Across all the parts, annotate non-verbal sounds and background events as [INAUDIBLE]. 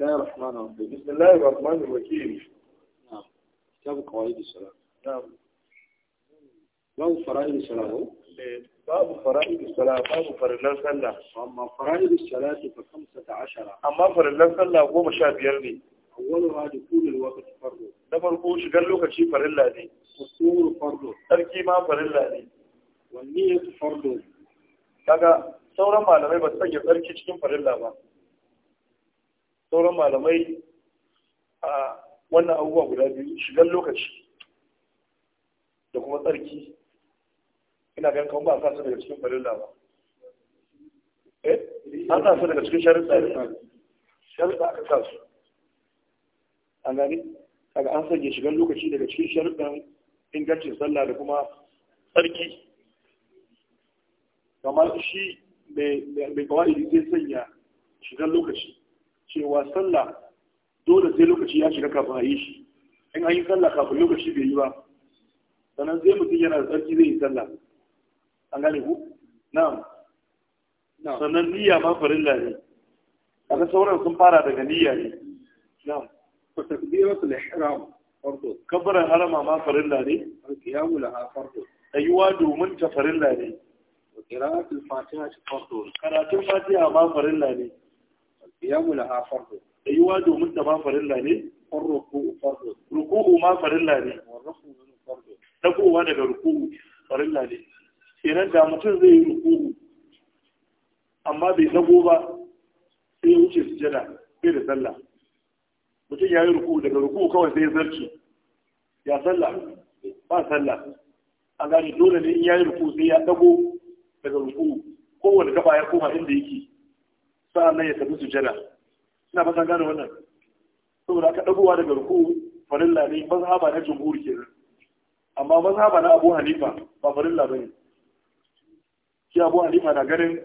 الله الرحمن الرحيم بسم الله الرحمن الرحيم نعم كتاب قواعد الصلاة نعم باب فرائض الصلاة باب فرائض الصلاة باب فرلان الصلاة أما فرائض الصلاة فخمسة عشرة أما فرلان الصلاة هو مشابير لي أولها دخول الوقت فرض نفر هو قال لك شيء فرلا دي الصور فرض تركي ما فرلا دي والنية فرض kaga سورة ما لم su sanya tsarki cikin farilla sauran malamai a wannan abubuwa guda biyu shigar lokaci da kuma tsarki ina ganin kawo ba a daga cikin farilla ba eh an kasa daga cikin sharuɗa ne sharuɗa aka kasu. su an gani kaga an sanya shigar lokaci daga cikin sharuɗan ingancin sallah da kuma tsarki kamar shi mai kawai zai sanya shigar lokaci cewa sallah dole sai lokaci ya shiga kafin a yi shi in an yi sallah kafin lokaci bai yi ba sannan zai mutum yana da tsarki zai yi sallah an gane ku na'am sannan niyya ma farilla ne ga sauran sun fara daga niyya ne na'am fa takbiratul ihram farko kabarin harama ma farilla ne qiyamu laha fardu ayuwa domin ta farilla ne qira'atul fatiha farko karatun fatiha ma farilla ne qiyamu laha fardu ayyuwa domin ta ba farilla ne farruku fardu ruku'u ma farilla ne warrafu fardu dagowa daga ruku'u farilla ne kenan da mutum zai yi ruku'u amma bai dago ba sai wuce su sujada sai da sallah mutum ya yi ruku'u daga ruku'u kawai sai ya zarce ya sallah ba sallah a gane dole ne in ya yi ruku'u sai ya dago daga ruku'u kowane gaba ya koma inda yake sa'an nan ya tafi jada. ina ba san gane wannan saboda aka dagowa daga ruku farilla ne mazhaba na jumhur kenan amma mazhaba na Abu Hanifa ba farilla ne. shi Abu Hanifa na ganin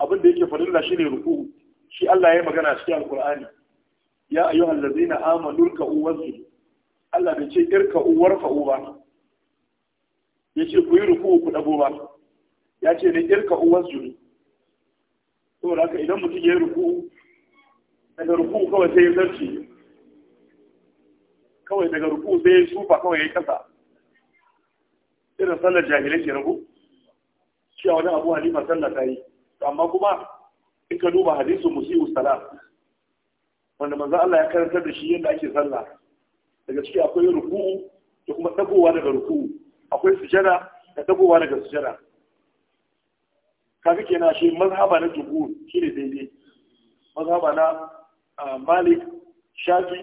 abin da yake farilla shine ruku shi Allah ya yi magana cikin Al-Qur'ani ya zai na amanu ruk'u uwansu Allah bai ce irka'u warfa'u ba ce ku yi ruku ku dago ba Ya ce ne uwansu ne. saboda haka idan mutum ya ruku daga ruku kawai sai ya zarci kawai daga ruku sai ya sufa kawai ya yi kasa irin sallar jahilai ke rabu shi a wani abu halima sallar ta yi amma kuma in ka duba hadisu musiu salam wanda manzan Allah ya karantar da shi yadda ake sallah daga ciki akwai ruku da kuma tagowa daga ruku akwai sujada da tagowa daga sujada ke na shi mazhaba na jumhur shine daidai mazhaba na Malik Shafi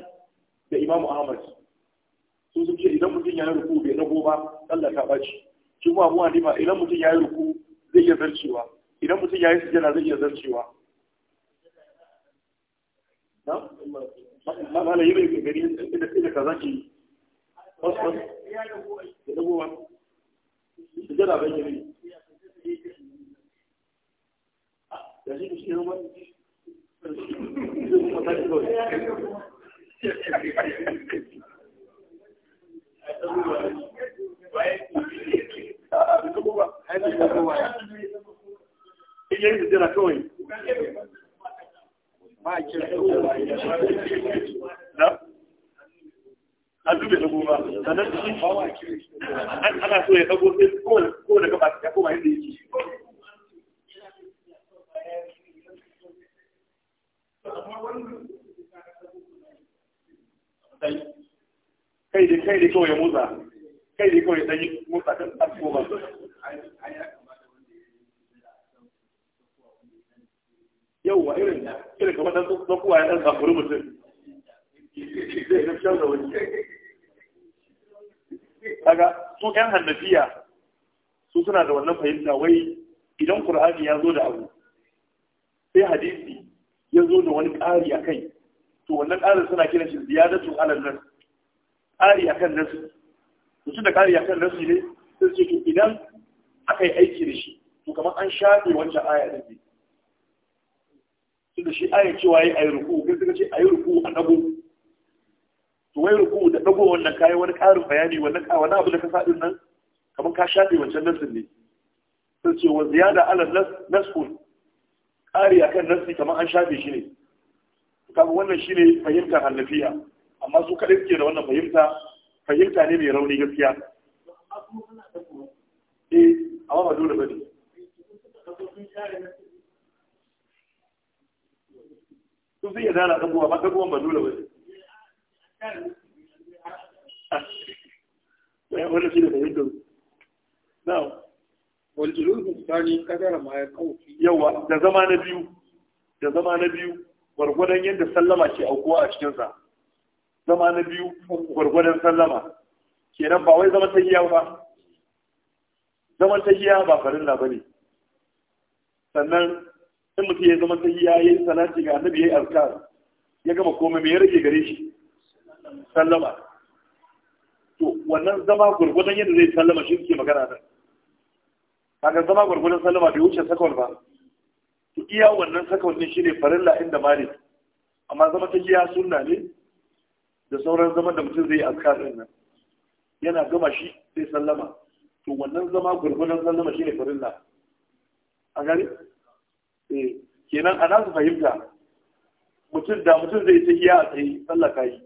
da Imam Ahmad su su ce idan mutum ya yi ruku bai nago ba Allah ta ɓaci. shi kuma Abu Hanifa idan mutum ya yi ruku zai iya zarcewa idan mutum ya yi sujjada zai iya zarcewa na ma ma la yi gari inda ka zaki wasu ya dago ba sujjada bai yi E a gente tira uma. Botar de dois. E aí, Zeracões? Vai, tira Não? an zube da goma A su shi ana so ya dago sai ko da gaba ya koma yadda yake kai da kawai ya motsa kai ne kawai dan yi kai kan tsasko ba yauwa irin irin kamar dan tsakuwa ya zafuri mutum zai ga fitar da kaga su ƴan hannafiya su suna da wannan fahimta wai idan ƙur'ani ya zo da abu sai hadisi ya zo da wani ƙari a kai to wannan ƙarin suna kiran shi ziyadatu alal nas ƙari kan nasu mutum da ƙari kan nasu ne sun ce to idan aka yi aiki da shi to kamar an shafe wancan aya da ke tunda shi aya cewa yi ayi ruku kai suka ce a yi ruku a dago to wai ruku da dago wannan kayan wani ƙarin bayani wani abu da ka sa din nan kamar ka shafe wancan nasin ne Sun ce wa ziyada ala nasul ƙari kan nasi kamar an shafe shi ne kaga wannan shi ne fahimtar hannafiya amma su kaɗai suke da wannan fahimta fahimta ne mai rauni gaskiya eh amma ba dole ba ne su sun yadda na ɗaguwa ba ɗaguwan ba dole ba ne eh, wani shi da fahimtar na waljulun tsari kadara ma ya kawo yawa da zama na biyu da zama na biyu gwargwadon yadda sallama ke aukuwa a cikinsa zama na biyu gwargwadon sallama kenan ba wai zama ta tahiya ba Zama ta tahiya ba farilla bane sannan in mutum ya zama ta ya yi salati ga annabi yi azkar ya gama komai me ya rage gare shi sallama to wannan zama gwargwadon yadda zai sallama shi suke magana nan kaga zama gwargwadon sallama bai wuce sakon ba to iya wannan sakon din shine farilla inda malik amma zama ta tahiya sunna ne da sauran zaman da mutum zai yi azkar din nan yana gama shi sai sallama to wannan zama gurgunan sallama shi ne farilla a gari eh kenan ana su fahimta mutum da mutum zai ta hiya a tsaye sallah ka yi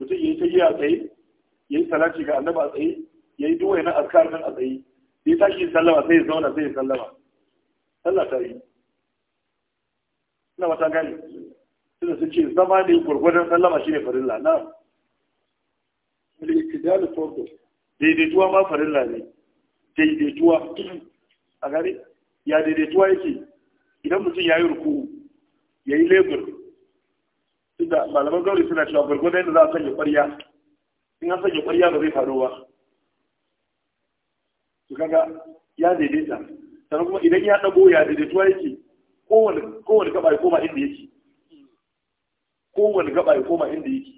mutum ya yi ta hiya a tsaye ya yi salaci ga annaba a tsaye ya yi duwaye na askar din a tsaye ya tashi sallama sai ya zauna sai ya sallama sallah ta yi ina wata gani suna su ce zama ne gwargwadon sallama shi ne farilla na daidaituwa ma farilla ne daidaituwa a gari ya daidaituwa yake idan mutum ya yi ruku ya yi lebur inda malaman gauri suna cewa gwargwadon yadda za a sanya kwarya in an sanya kwarya ba zai faru ba su kaga ya daidaita sannan kuma idan ya dago ya daidaituwa yake kowane kaba ya koma inda yake kowane gaba ya koma inda yake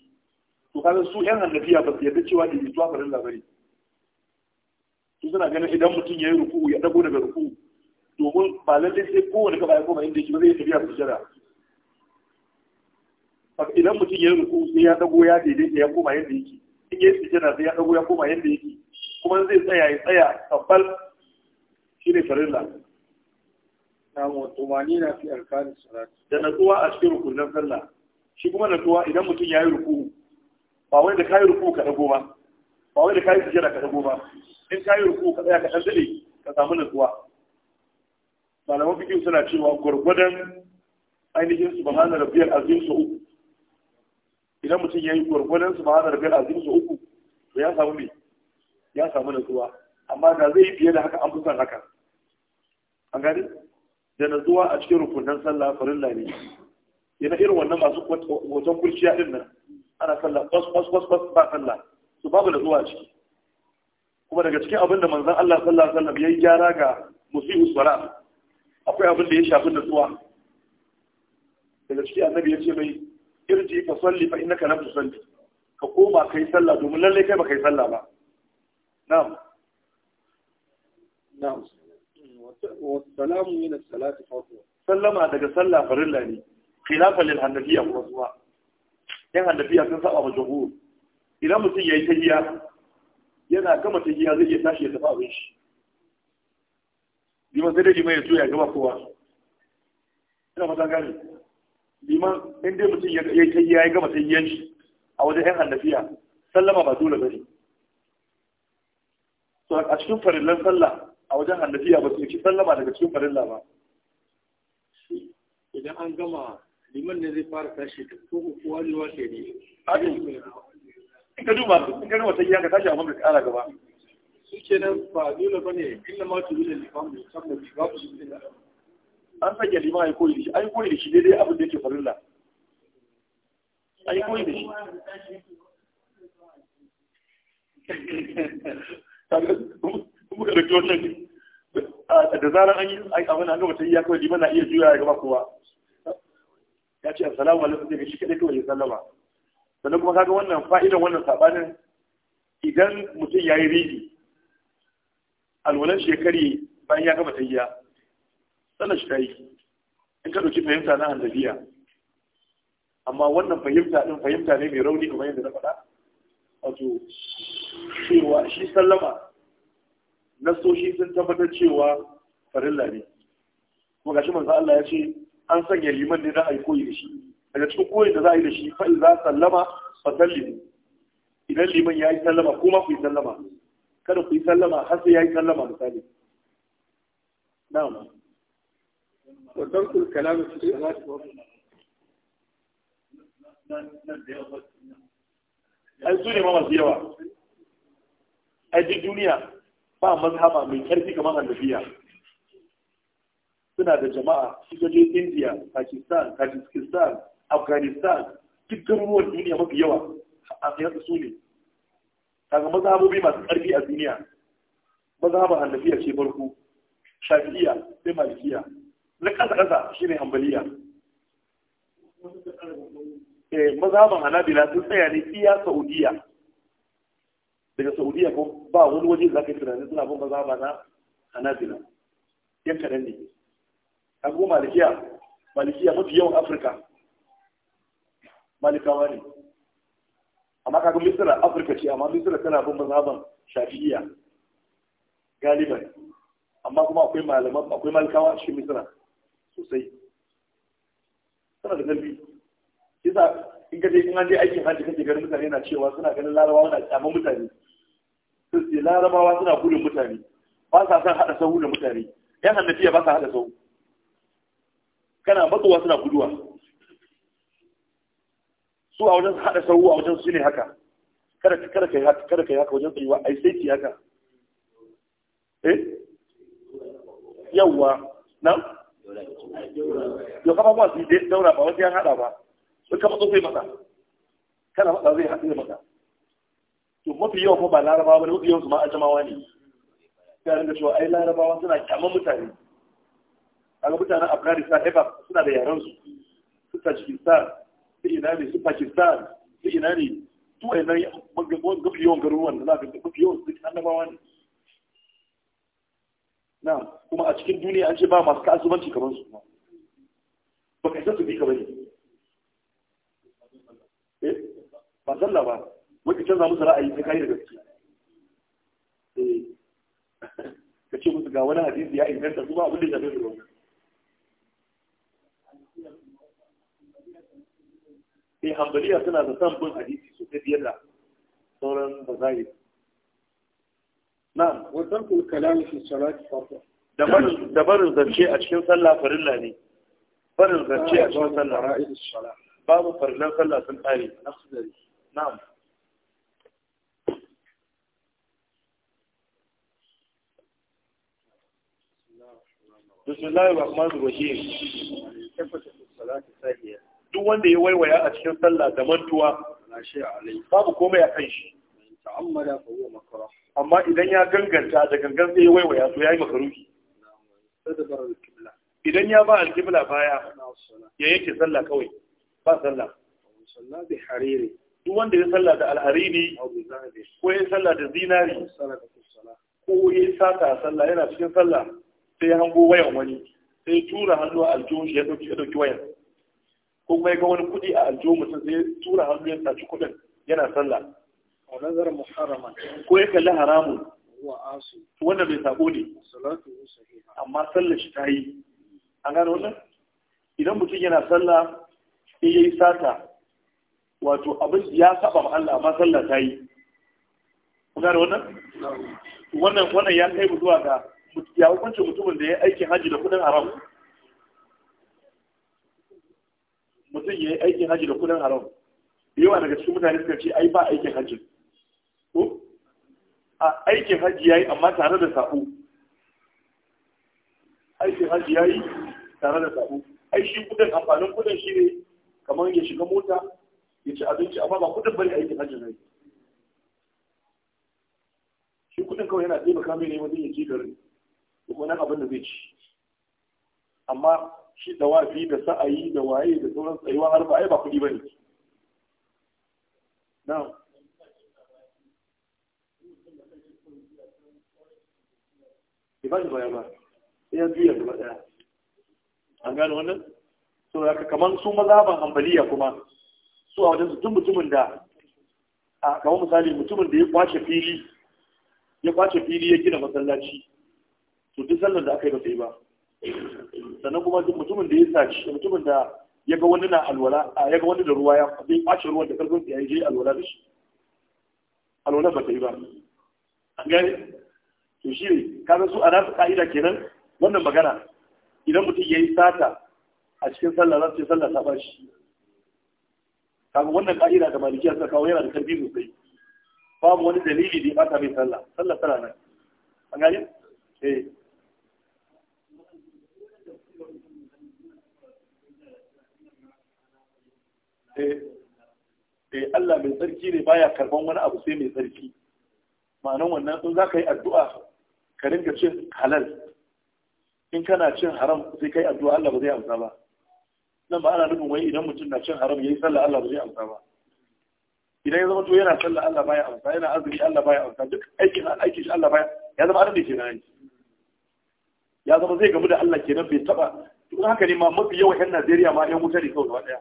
to kaga su yan hannafiya ba su yarda cewa da yituwa farin labari su suna ganin idan mutum ya yi ruku ya dago daga ruku domin ba lallai sai kowane gaba ya koma inda yake ba zai tafiya su jira idan mutum ya yi ruku sai ya dago ya daidaita ya koma yadda yake in ya yi sujjada sai ya dago ya koma yadda yake kuma zai tsaya ya tsaya tabbal shi ne farilla na mutumani na fi alkalin salat da natsuwa a cikin rukunin sallah shi kuma natsuwa idan mutum ya yi ruku ba wanda da yi ruku ka dago ba ba wai da yi sujada ka dago ba in yi ruku ka tsaya ka dan ka samu natsuwa malaman fikin suna cewa gwargwadon ainihin subhana rabbiyal azim su uku idan mutum ya yi gwargwadon subhana rabbiyal azim su uku to ya samu me ya samu natsuwa amma da zai fiye da haka an fi son haka an gani da natsuwa a cikin rukunan sallah farilla ne yana irin wannan masu hoton kurciya din nan ana sallah kwas kwas kwas kwas ba sallah su babu da zuwa ciki kuma daga cikin abin da manzon Allah sallallahu alaihi wasallam yayi gyara ga musibu sala akwai abin da ya shafi da zuwa daga cikin annabi ya ce mai irji ka salli fa innaka lam tusalli ka koma kai sallah domin lalle kai ba kai sallah ba na'am na'am wa salamu min as-salati fardhu sallama daga sallah farilla ne khilafan lil hanafiya kuma zuwa yan hanafiya sun saba ma jumhur idan mutum yayi tahiyya yana gama tahiyya zai iya tashi ya tafi abin shi liman sai dai liman ya juya gaba kowa ina fata gane liman in dai mutum ya yi tahiyya ya gama tahiyyan shi a wajen yan hanafiya sallama ba dole bane to a cikin farillan sallah a wajen hanafiya ba su yi sallama daga cikin farilla ba idan an gama liman ne zai fara tashi ko kuwa ne wace ne abin in ka duba in ka duba ta iya ka tashi kara gaba ba ma tu liman ne sabda ba su an liman koyi shi koyi shi daidai abin da yake farilla koyi da shi da da zarar an yi abin an gaba ta kawai liman na iya juya gaba kowa ya ce assalamu alaikum sai shi kadai kawai ya sallama sannan kuma kaga wannan fa'idan wannan sabanin idan mutum ya yi ridi alwalan shekari bayan ya gama tayya sannan shi ta yi in ka ɗauki fahimta na annabiya amma wannan fahimta ɗin fahimta ne mai rauni kamar yadda na faɗa wato cewa shi sallama nasoshi sun tabbatar cewa farilla ne kuma gashi manzo Allah ya ce an sanya liman ne za a yi koyi da shi daga cikin koyi da za a yi da shi fa za sallama fa sallimu idan liman ya yi sallama kuma ku yi sallama kada ku yi sallama har sai ya yi sallama misali na'am wa tarkul kalamu fi salati wa ai su ne masu yawa ai duniya ba mazhaba mai karfi kamar annabiya suna da jama'a su gaje india pakistan tajikistan afghanistan duk garuruwan duniya mafi yawa a sayar su ne daga mazhabobi masu ƙarfi a duniya mazhabin hannafiya ce farko shafi'iya sai malikiya na kasa, shi shine hambaliya eh mazhaban hanabila sun tsaya ne iya saudiya daga saudiya ko ba wani waje da zaka yi tunanin suna bin mazhaba na hanabila yan kaɗan ne an kuma malikiya malikiya mafi yawan afirka malikawa ne amma kaga misira afirka ce amma misira tana bin mazaban shafi'iyya galiban amma kuma akwai malaman akwai malikawa cikin misira sosai suna da ƙarfi isa in ka je in an je aikin hajji kake ganin mutane na cewa suna ganin larabawa na kyaman mutane sun ce larabawa suna gudun mutane ba sa son haɗa sahu da mutane yan hannafiya ba sa haɗa sahu kana matsowa suna guduwa su a wajen haɗa sauwa a wajen su ne haka kada kada yi haka kada ka yi haka wajen tsayuwa A sai ki haka eh yawwa na yau kafa kuma su daura ba wasu yan haɗa ba sun kafa sai mata kana matsa zai haɗe da mata to mafi yawan ba larabawa ba ne mafi yawan su ma ajamawa ne ta ringa cewa ai larabawa suna kyaman mutane kaga mutanen afghanistan eba suna da yaran su su tajikistan su ina ne su pakistan su ina ne su ina ne gafi yawan garuruwan da za ka gafi yawan su annabawa ne na kuma a cikin duniya an ce ba masu kasuwanci kamar su ba. ba ka isa su bi ka ne. Eh, ba sallah ba wani canza musu ra'ayi ta kai da gaske eh. [LAUGHS] ka ce musu ga wani hadisi ya inganta su ba abin da ya shafe su eh hambaliya suna da son bin hadisi sosai biyar da sauran bazai na'am wa tarkul kalam fi salati farda da barin zance a cikin sallah farilla ne barin zance a cikin sallah ra'is salat babu farillan sallah sun kare nafsari na'am بسم الله الرحمن الرحيم كيف تصلي الصلاة الثانية duk wanda ya waiwaya a cikin sallah da mantuwa babu komai a kan shi amma idan ya ganganta da gangan sai ya waiwaya to ya yi makaruki idan ya ba alkibla baya ya yake sallah kawai ba sallah duk wanda ya sallah da alhariri ko ya sallah da zinari ko ya sata a sallah yana cikin sallah sai ya hango wayan wani sai tura hannu a aljihun shi ya ɗauki wayan kuma ga wani kuɗi a aljo mutum sai tura hannu ya saci kuɗin yana sallah a nazarin muharrama, ko ya kalli haramun wa asu wanda bai sabo ne amma sallar shi ta yi an gano wannan idan mutum yana sallah sai ya yi sata wato abin ya saba ma Allah amma sallah ta yi kun gano wannan wannan wannan ya kai mu zuwa ga ya hukunci mutumin da ya aikin hajji da kuɗin haram zai yi aikin hajji da kudin haram yawa daga cikin mutane suka ce ai ba aikin hajji ko a aikin hajji ya yi amma tare da sabo aikin hajji ya yi tare da sabo ai shi kudin amfanin kudin shi ne kamar ya shiga mota ya ci abinci amma ba kudin bari aikin hajji ne shi kudin kawai yana taimaka mai ne wajen ya ci garin ko wani abin da zai ci amma shi wafi da sa'ayi da waye da sauran tsayuwa har ba ai ba kuɗi ba ne? ibadu baya ba ya biya gaba daya an gano wannan so ka kaman su mazhaban ambaliya kuma su a wajen su mutumin da a kawai misali mutumin da ya kwace fili ya kwace fili ya gina masallaci to duk sallar da aka yi ba sai ba sannan kuma mutumin da ya saci mutumin da ya ga wani na alwala a ya ga wani da ruwa ya zai kwace ruwan da karfin ya je alwala da shi alwala ba ta yi ba an gani to shi ne kaga su a nasu ka'ida kenan wannan magana idan mutum ya yi sata a cikin sallah za su ce sallah ta bashi kaga wannan ka'ida da malikiya suka kawo yana da karfi sosai babu wani dalili da ya bata mai sallah sallah tana nan an gani eh Eh, eh Allah mai tsarki ne baya karban wani abu sai mai tsarki ma'anan wannan in za ka yi addu'a ka ringa cin halal in kana cin haram sai ka yi addu'a Allah ba zai amsa ba nan ba ana nufin wai idan mutum na cin haram ya yi sallah Allah ba zai amsa ba idan ya zama to yana sallah Allah baya amsa yana azumi Allah baya amsa duk aikin aikin shi Allah baya ya zama adam da ke nan ya zama zai gamu da Allah kenan bai taba to haka ne ma mafi yawa yan Najeriya ma yan wuta ne kawai gaba daya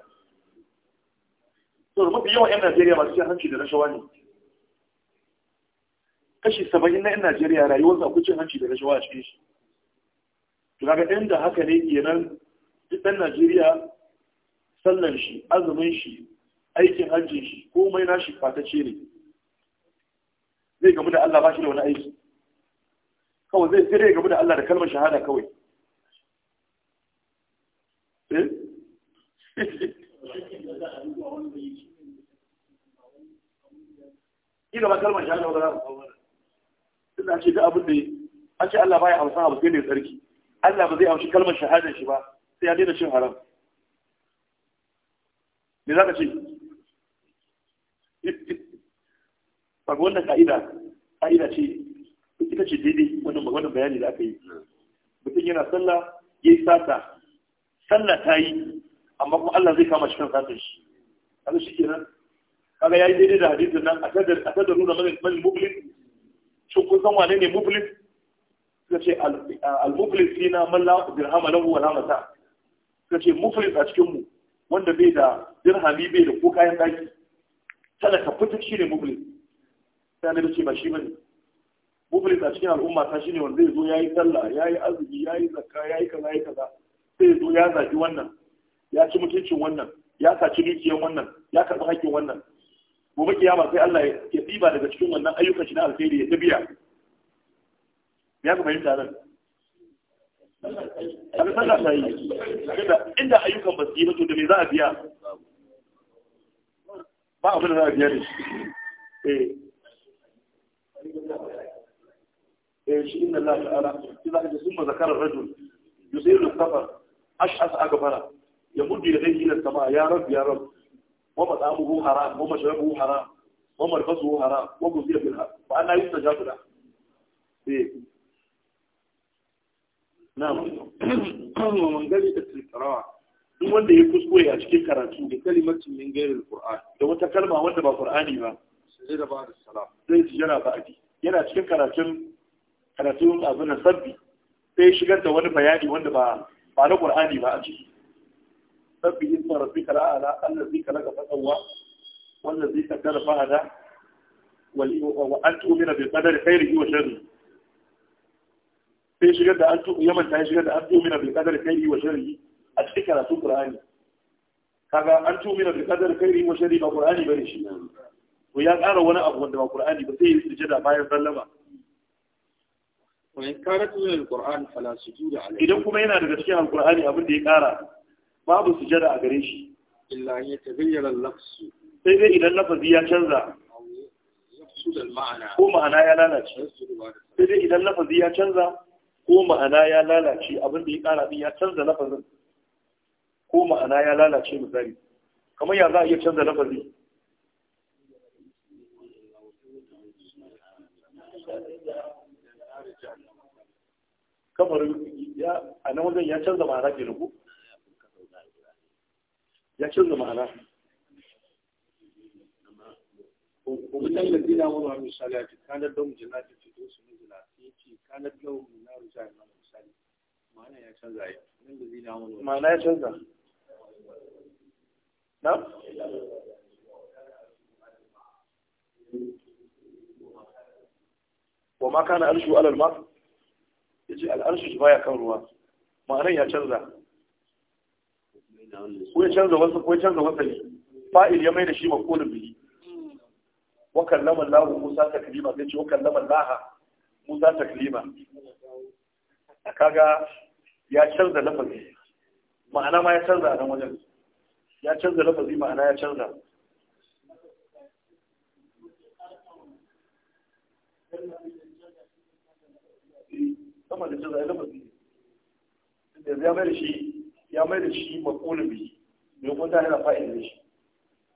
to mafi yawan 'yan Najeriya masu cin hanci da rashawa ne kashi saba'in na 'yan Najeriya rayuwarsa akwai cin hanci da rashawa a cikin shi to kaga ɗan da haka ne kenan duk ɗan Najeriya sallan shi azumin shi aikin hajjin shi komai na shi fatacce ne zai gamu da Allah ba shi da wani aiki kawai zai tsire gamu da Allah da kalmar shahada kawai eh? [LAUGHS] ki gaba kalmar shahada ba za mu kawo mana ce ta abin da an ce Allah baya amsa abu sai ne tsarki Allah ba zai amshi kalmar shahadar shi ba sai ya daina cin haram me za ka ce ba wannan ka'ida ka'ida ce ita ce daidai wannan wannan bayani da aka yi mutum yana sallah ya yi sata sallah ta yi amma kuma Allah zai kama shi kan sata shi kaga shi kenan kaga yayi daidai da hadisin nan a tadar a tadar nuna man mublis shin kun san wane ne mublis suka ce al-mublis fina man la dirhama lahu wa la mata suka ce mublis a cikin mu wanda bai da dirhami bai da ko kayan daki ka fitar shi ne mublis sai na ce ba shi bane mublis a cikin al'umma ta shine wanda zai zo yayi sallah yayi azumi yayi zakka yayi kaza yayi kaza sai zo ya zaki wannan ya ci mutuncin wannan ya saci dukiyar wannan ya karɓi haƙƙin wannan gobe kiyama sai Allah ya tsiba daga cikin wannan ayyukan shi na alheri ya tabiya ya ka fahimta nan abin sallah ta yi inda ayyukan ba su yi ba da me za a biya ba abin da za a biya ne eh eh shi inna Allah ta'ala shi za ka ji summa zakara rajul yusiru safar ash'as akbara yamuddu yadayhi na sama ya rab ya rab ومطعمه حرام ومشربه حرام duk wanda ya kuskure a cikin karatu da kalimacin min gairil qur'an da wata kalma wanda ba qur'ani ba sai da ba salam zai jira ba'di yana cikin karatun karatun sabbi sai shigar da wani bayani wanda ba na qur'ani ba a ciki سبح اسم ربك الأعلى الذي خلق فسوى والذي قدر فهدى وأن تؤمن بقدر خيره وشره sai shigar da an tuɓi yaman ta yi shigar da an tuɓi na bilkadar kairi wa shari'i a cikin karatun ƙur'ani kaga an tuɓi na bilkadar kairi wa shari'i ba ƙur'ani ba ne shi to ya ƙara wani abu wanda ba ƙur'ani ba sai yi sujada bayan sallama idan kuma yana daga cikin alƙur'ani abin da ya ƙara babu sujada a gare shi illa ya tabayyara lafsu sai dai idan lafazi ya canza ko ma'ana ya lalace sai dai idan lafazi ya canza ko ma'ana ya lalace abin da ya kara din ya canza lafazin ko ma'ana ya lalace misali kamar ya za a iya canza lafazi ya a nan wajen ya canza ma'ana ke rubu ya canza ma'ana kuma ta da wani wani misali a cikin kanar don jina ta fito su ce kanar don jina ta misali ma'ana ya canza ya ma'ana ya canza wa ma kana arshu alal ma yace al arshu baya kan ruwa ma'anan ya canza ko ya canza wasu ko ya canza wasali fa'il ya mai da shi maqulun biyu. wa kallama Allah Musa taklima sai ce wa kallama Allah Musa taklima kaga ya canza lafazi ma'ana ma ya canza a nan wajen ya canza lafazi ma'ana ya canza sama da canza lafazi da ya mai da shi ya mai da shi makulubi ne kun zahir yana fa'in da shi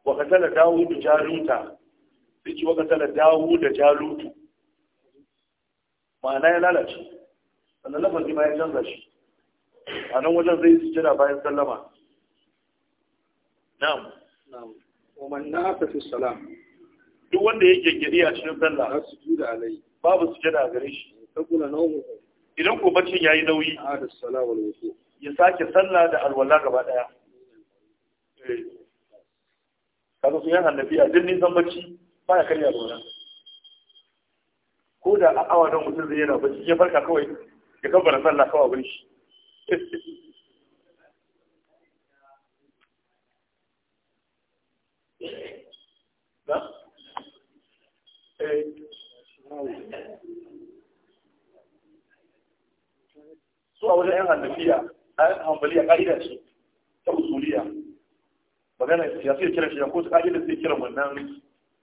wa katala dawo da jaruta sai ci wa katala dawo da jalutu ma'ana ya lalace sannan lafazi ma ya canza shi a nan wajen zai su jira bayan sallama na'am na'am wa aka fi salam duk wanda ya gengedi a cikin sallah babu su jira gare shi idan ko bacin yayi nauyi a da salawal wasu. ya sake sallah da alwala gaba daya eh. kaga su yan annabi a duk san bacci ba ya karya alwala ko da a awa don mutum zai yana bacci ya farka kawai ya kabbara sallah kawai abin shi [LAUGHS] eh. su a wajen yan hannafiya a hanbaliya ka'ida ce ta usuliya magana ya sai kira shi ko ta ƙa'ida, sai kira wannan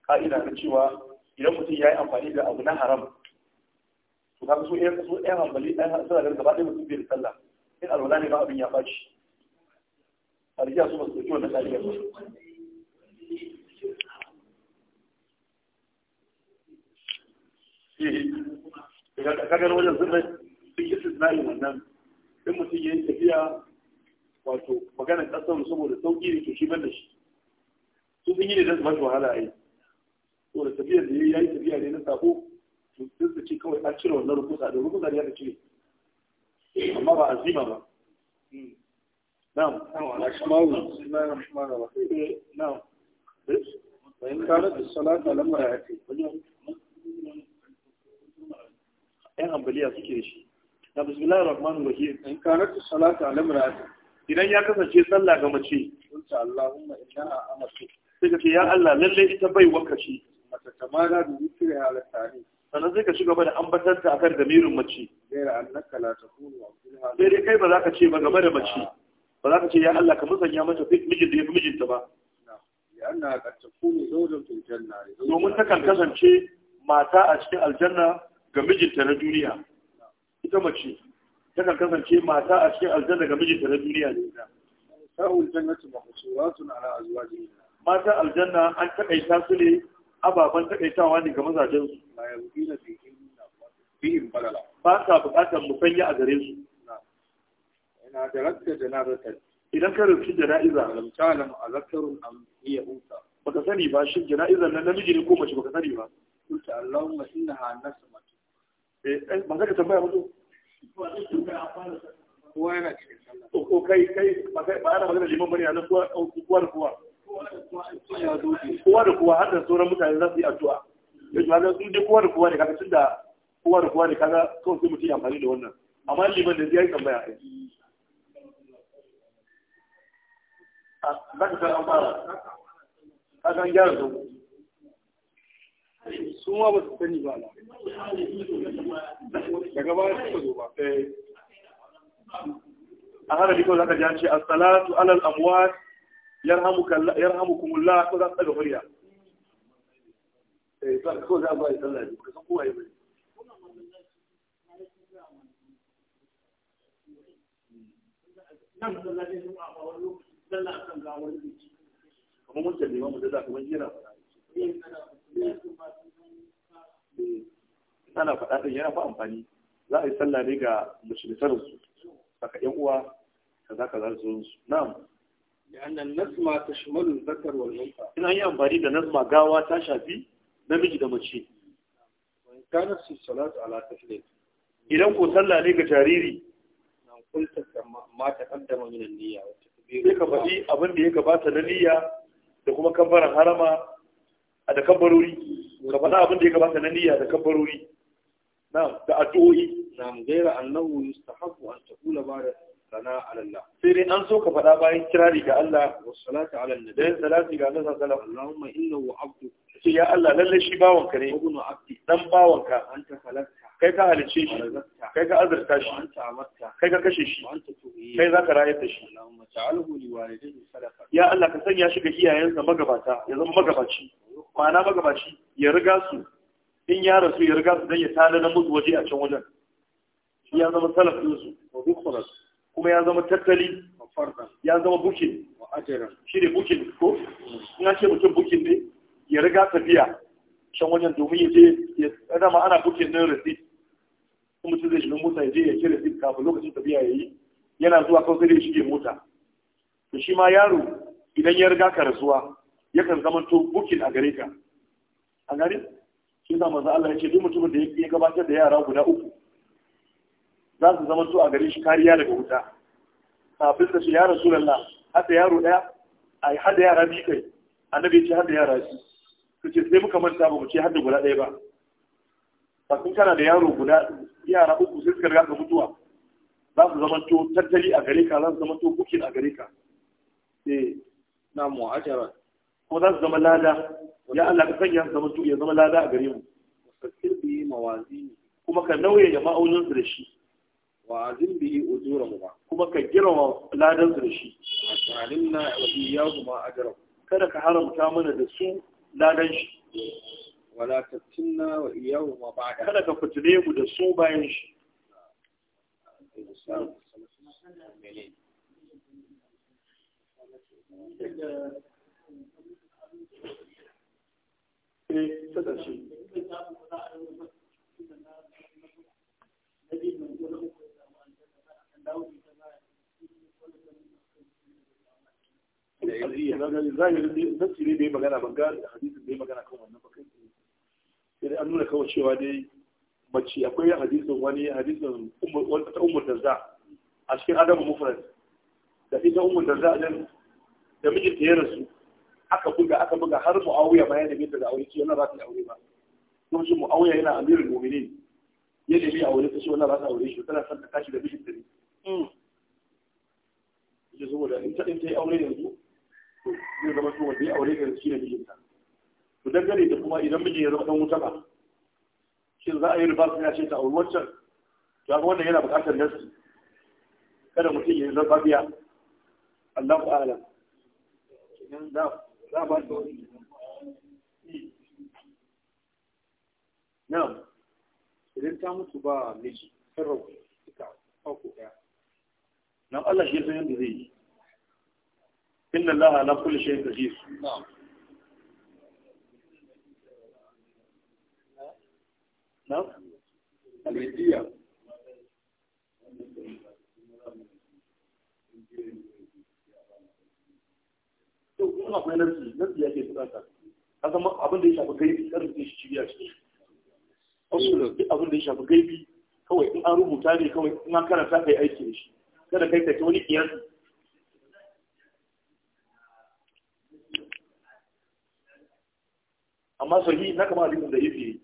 ka'ida na cewa idan mutum ya yi amfani da abu na haram to ka so ɗaya so ɗaya hanbali ɗaya suna ganin gaba ɗaya mutum bai da sallah in alwala ne ba abin ya ɓaci a rikiya su ba su ɗauki wannan ka'ida ba eh, eh. kagar wajen sun yi sun wannan in mutum ya yi tafiya wato maganar ƙasar saboda sauƙi ne to shi ban da shi su sun yi ne don su wahala a yi da tafiyar da ya yi tafiya ne na sako to sun su ce kawai a cire wannan rukusa da rukusa ya ta cire amma ba azima ba na'am ashmawu na'am in kana da salata lamma ya ce yan ambaliya suke da shi ta bismillahir rahmanir rahim in kanat salatu ala imra'ati idan ya kasance sallah ga mace kunta allahumma innaha amatu sai ka ce ya Allah lalle ita bai wakashi mata tamara da zikri ala tani sannan sai ka ci gaba da ambatanta akan damirin mace gaira annaka la takunu sai dai kai ba za ka ce ba game da mace ba za ka ce ya Allah ka musanya mata mijin da ya fi mijinta ba لأنها قد تكون زوجة في الجنة domin ta kan kasance mata a cikin aljanna ga mijinta na duniya ita mace takan kasance mata a cikin aljanna ga mijinta na duniya ne ita sa'ul jannatu mahsuratun ala mata aljanna an su ne ababen takaitawa ne ga mazajen su la balala ba bukatar a gare su ina da rakka idan ka rubuci jana'iza lam am hiya Ba baka sani ba shin jana'izar nan namiji ne ko mace baka sani ba kulta allahumma innaha mace. Eh, eh ban ga tambaya mutu kowa yana cikin sallah kai kai ana magana liman nan kowa da kowa kowa da kowa sauran mutane za su yi addu'a yanzu haka sun kowa da kowa ne kaga tun da kowa da kowa ne kaga kawai sai mutum amfani da wannan amma liman da zai yi tambaya a ah, za ka san an fara ka san gyara zuwa su ma ba su sani ba na daga ba su eh. ba a harabi kawai zaka ji ko za eh, ka ga murya nan da a wani lokaci sallah kan ga wani biki kamar mu da za ka wani ba ana faɗa ɗin yana fa amfani za a yi sallah ne ga mushrikan su saka yan uwa kaza kaza su su na'am لأن النسمة تشمل الذكر Ina إن amfani da nazma gawa ta shafi namiji da mace. Kana su salatu ala tafilin. Idan ko sallah ne ga jariri. Na kulta ma mata kaddama min niyya. Sai ka faɗi abin da ya gabata na niyya da kuma kabbaran harama a da kabbarori ka faɗa abin da ya gabata na niyya da kabbarori na da addu'o'i mu gaira annahu yustahabu an taqula ba'da sana alallah sai dai an so ka faɗa bayan kirari ga Allah wa salatu ala nabi dan salati ga Allah sallallahu alaihi wasallam Allahumma innahu abdu sai ya Allah lalle shi bawanka ne ibnu abdi dan bawanka anta halakta kai ka halice shi kai ka azurta shi kai ka kashe shi kai za ka rayar da shi ya Allah ka sanya shi ga iyayensa magabata ya zama magabaci ma'ana magabaci ya riga su in ya rasu ya riga su dan ya tana na musu waje a can wajen ya zama salaf din su kuma ya zama tattali ya zama bukin shi ne bukin ko ina ce mutum bukin ne ya riga tafiya can wajen domin ya je ya dama ana bukin nan receipt kuma mutum zai shiga mota ya je ya ce receipt kafin lokacin tafiya ya yi yana zuwa kawai zai shige mota to shi ma yaro idan ya riga ka rasuwa yakan zama to bukin a gare ka a gare shi zama manzo Allah ya ce duk mutumin da ya gabatar da yara guda uku za su zama a gari shi kariya daga wuta kafin da ce ya lalla hada yaro daya a hada yara biyu kai annabi bai ce hada yara biyu su ce sai muka manta ba mu ce hada guda ɗaya ba sun kana da yaro guda yara uku sai suka riga mutuwa za su zama to tattali a gare ka za su zama to bukin a gare ka eh na mu ajara ko za su zama lada ya Allah ka sanya su zama to ya zama lada a gare mu fasir bi mawazini kuma ka nauye ya ma'aunin su da shi wa azim mu ba. kuma ka girma ladan su da shi ya wa a ajrahum kada ka haramta mana da su ladan shi wala tattinna wa iyyahuma ba? kada ka fitile mu da su bayan shi eh, zahirin nassi ne bai magana ban gane da hadisin bai magana kan wannan ba kai sai an nuna kawai cewa dai mace akwai hadisin wani hadisin wata ta umar da a cikin adamu mufrad da ita umar da za din da mijinta ya rasu aka buga aka buga har muawiya ma ya nemi ta da aure ce wannan za aure ba kuma shi muawiya yana amirul mu'minin ya nemi aure ta ce wannan za aure shi tana son ta tashi da mijinta ne shi mm. saboda in ta ta yi aure yanzu zai zama su wanda ya aure ga shi da mijinta to dangane da kuma idan mijin ya zama ɗan wuta ba shi za a yi ribas ya ce ta auri wancan to haka wannan yana buƙatar nasi kada mutum ya yi zarfa biya Allah ala za a ba da wani na'am idan ta mutu ba miji sarrafa ita ko ɗaya نعم الله شيء في yadda إن الله على كل شيء قدير نعم نعم الهدية ko kuma hidiyya na ji na ji nasi yake bukata kasan abin da ya shafi gaibi kan shi cibiya ce abin da ya shafi gaibi kawai in an rubuta ne kawai in an karanta kai aiki shi kada kai ka ci wani kiyasi amma sahi na kama hadisin da yake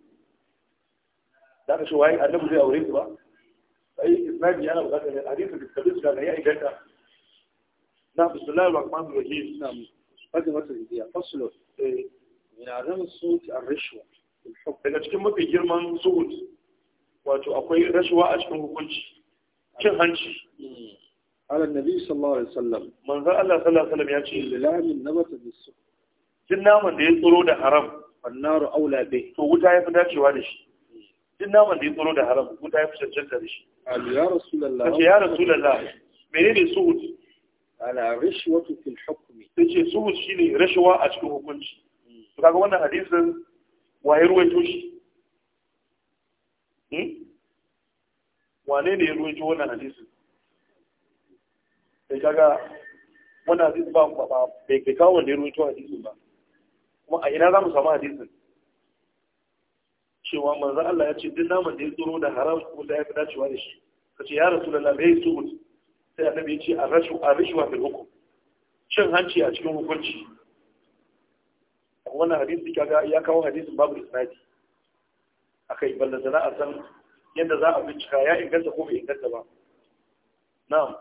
da ka shawayi annabi zai aure ki ba sai isnadi yana bukatar hadisin da kabi suka ya iganta na bismillahir rahmanir rahim suna fadin masu rijiya faslo eh min azam suci ar-rishwa daga cikin mafi girman suhud wato akwai rashuwa a cikin hukunci cin hanci ala nabi sallallahu alaihi wasallam manzo Allah sallallahu alaihi wasallam ya ce lilamin nabata bisu jin naman da ya tsoro da haram annaru aula bi to wuta ya fi dacewa da shi jin naman da ya tsoro da haram wuta ya fi cancanta da shi Ali ya rasulullah kace ya rasulullah menene suhud ala rishwatu fil hukmi tace suhud shine rashwa a cikin hukunci to kaga wannan hadisin ya ruwaito shi hmm? wane ne ya ruwaito wannan hadisin da kaga wannan hadisin ba ba bai kai kawo wanda ya ruwaito hadisin ba kuma a ina za mu samu hadisin cewa manzo Allah ya ce duk naman da ya tsoro da haram ko da ya fi dacewa da shi kace ya lalai ya su sai annabi ya ce a rashu a rishwa fil hukum cin hanci a cikin hukunci wannan hadisi kaga ya kawo hadisin babu isnadi akai balla a san yadda za a bincika ya inganta ko bai inganta ba na'am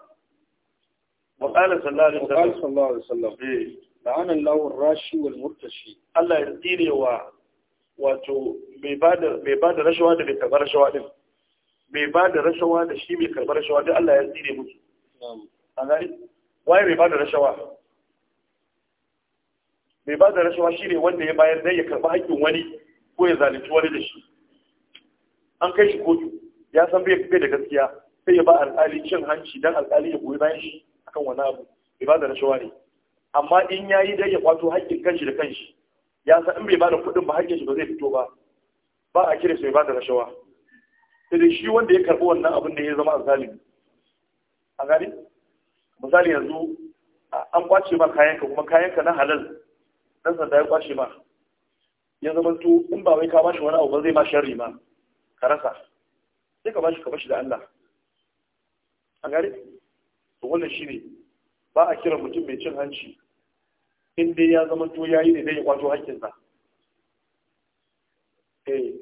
wa sallallahu alaihi wasallam eh. la'ana rashi wal murtashi Allah ya tsire wa wato mai ba da rashawa da mai karbar rashawa din mai da rashawa da shi mai karbar rashawa din Allah ya tsire musu A gari? gani waye mai da rashawa mai da rashawa ne wanda ya bayar dai ya karba haƙƙin wani ko ya zalunci wani da shi an kai shi kotu ya san bai da gaskiya sai ya ba alƙali cin hanci dan alƙali ya goyi bayan shi akan wani abu ibada na shawari amma in yayi dai ya kwato haƙƙin kanshi da kanshi ya san in bai ba da kuɗin ba haƙƙin shi ba zai fito ba ba a kire su ibada na shawa sai dai shi wanda ya karɓi wannan abin da ya zama alƙali a gani misali yanzu an kwace ma kayanka kuma kayanka na halal dan sanda ya kwace ma ya zama to in ba wai ka bashi wani abu ba zai ma sharri ma karasa rasa sai ka bashi ka bashi da Allah an gare to wannan ne ba a kira mutum mai cin hanci in dai ya zama to yayi ne dai ya kwato hakkinsa eh.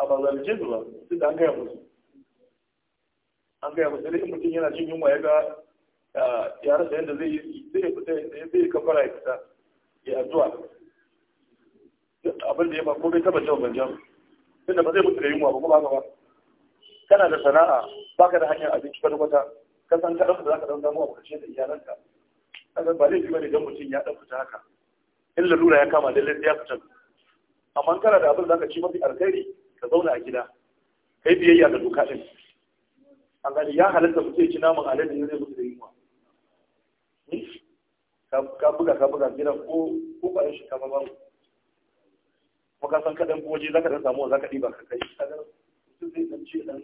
a ba zalce su ba duk da an gaya musu an gaya musu idan mutum yana cin yunwa ya ga ya rasa yadda zai yi zai kafara ya fita ya zuwa abin da ya ba ko bai taba cewa banjan tunda ba zai mutu da yunwa ba ko ba ka ba kana da sana'a baka da hanyar abinci kwata kwata ka san ka ɗauka za ka ɗan samu a karshe da iyalanka kaga ba laifi bane dan mutum ya ɗan fita haka in lalura ya kama lallai sai ya fita amma kana da abin za ka ci mafi alkhairi ka zauna a gida kai biyayya da doka ɗin a gani ya halatta mutum ya ci naman alade ne zai mutu da yunwa hmm? ka buga ka buga gidan ko ko ba shi kama babu kuma ka san kaɗan waje zaka ka ɗan samu zaka ka ɗiba ka kai kaga mutum zai ɗan ce ɗan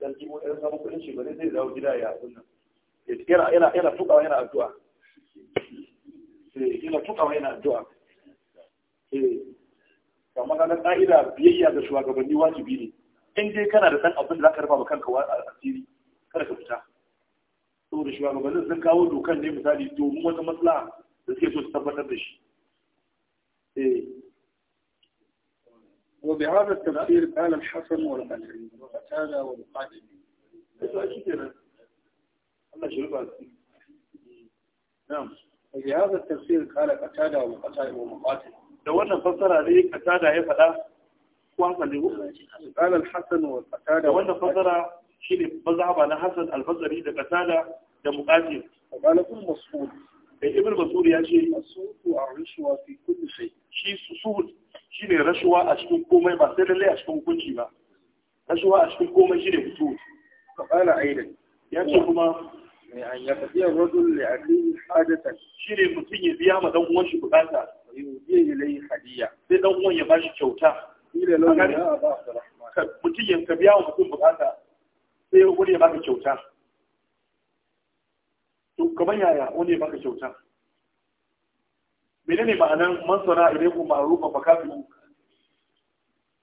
ɗan ɗibo ɗan samu kuɗin shi ba zai dawo gida ya abin nan yana yana yana tukawa yana addu'a eh, yana tukawa yana addu'a eh, amma kaga ƙa'ida biyayya ga shugabanni wajibi ne in dai kana da san abin da za ka rufa kanka wa asiri kada ka fita saboda shugabannin sun kawo dokan ne misali domin wata matsala da suke so su tabbatar da shi eh, وبهذا التفسير قال الحسن والبصري وقتادة والقادمي نعم وبهذا التفسير قال قتادة والقتادة والمقاتل لو أن فسر عليه قتادة هي فلا قال الحسن والقتادة وأن فسر شيء مذهب على حسن البصري ده قتادة ده مقاتل وقال ام مسعود إيه، ابن مسعود يا شيخ الصوت والرشوة في كل شيء شيء سهول Shi ne rashuwa a cikin komai ba sai lallai a cikin hukunci ba rashuwa a cikin komai shi shine fito fara aida ya ce kuma mai an ya tafi a rajul yi hadata Shi ne mutum ya biya ma ɗan'uwan shi bukata yi lai hadiya sai ɗan'uwan uwan ya bashi kyauta ya ba mutum ya ka biya wa mutum bukata sai wani ya baka kyauta to kamar yaya wani ya baka kyauta menene ma'anan man sana ilaikum ma'rufan fa kafiru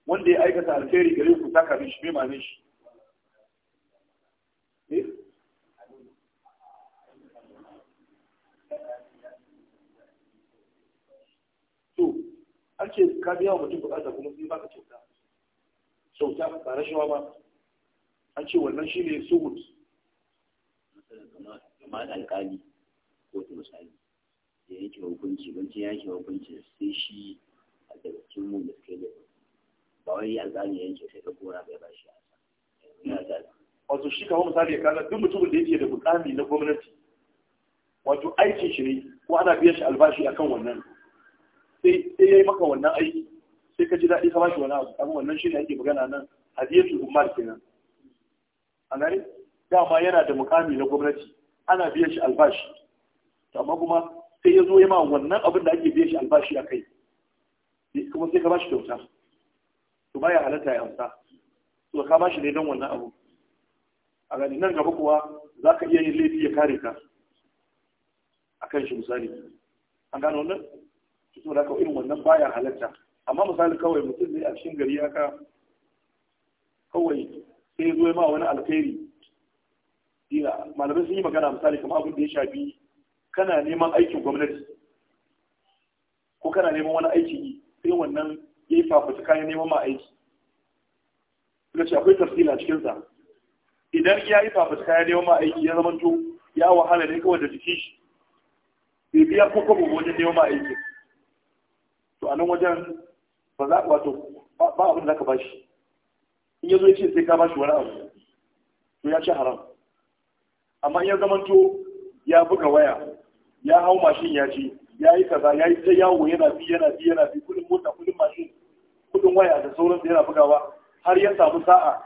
wanda ya aikata alkhairi gare ku kafin shi mai ma'anin shi to an ce ka biya wa mutum bukata kuma sai baka kyauta kyauta ba rashawa ba an ce wannan ne suhud kamar alkali ko misali da yake hukunci banci ya yake hukunci sai shi a cikin mu da suke da ba wai alƙali ya yanke sai ka kora bai ba shi asa wato shi kawo misali ya kana duk mutumin da yake da bukami na gwamnati wato aikin shi ne ko ana biyan shi albashi akan wannan sai sai yayi maka wannan aiki sai ka ji daɗi ka bashi wani abu amma wannan shi ne ake magana nan hadiyatu umar kenan a nan dama yana da mukami na gwamnati ana biyan shi albashi amma kuma sai ya zo ya ma wannan abin da ake biyan shi albashi a kai kuma sai ka ba shi kyauta to baya halatta ya amsa to ka ba shi ne don wannan abu a gani nan gaba kuwa za ka iya yin laifi ya kare ka a kan shi misali an gano wannan su to da irin wannan baya halatta amma misali kawai mutum ne a cikin gari haka kawai sai ya zo ya ma wani alkhairi malamai sun yi magana misali kamar abin da ya shafi kana neman aikin gwamnati ko kana neman wani aikin yi sai wannan ya yi fafutuka kayan neman ma aiki suka ce akwai tafsila cikinsa idan ya yi fafutuka kayan neman ma aiki ya zama to ya wahala ne kawai da jiki shi bai biya ko kwabo wajen neman ma aiki to a nan wajen ba za wato ba abin da ka bashi in ya zo ya ce sai ka bashi wani abu to ya ci haram amma in ya zama to ya buga waya ya hau mashin ya ce ya yi kaza ya yi sai yawo yana bi yana bi yana bi kudin mota kudin mashin kudin waya da sauransu yana bugawa har ya samu sa'a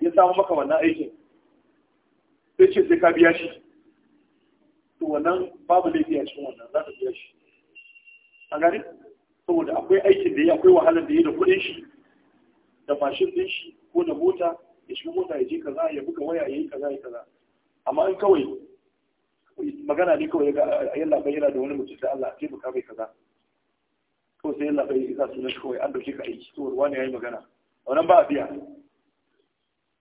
ya samu maka wannan aikin sai ce sai ka biya shi to wannan babu laifi a cikin wannan za ka biya shi a gani saboda akwai aikin da ya akwai wahalar da ya da kudin shi da mashin din shi ko da mota ya shiga mota ya je kaza ya buga waya ya yi kaza ya kaza amma in kawai magana ne kawai ga yalla bai yana da wani mutum da Allah ke buka bai kaza kawai sai yalla bai isa sunan kawai an dauke ka aiki to wani yayi magana wannan ba a biya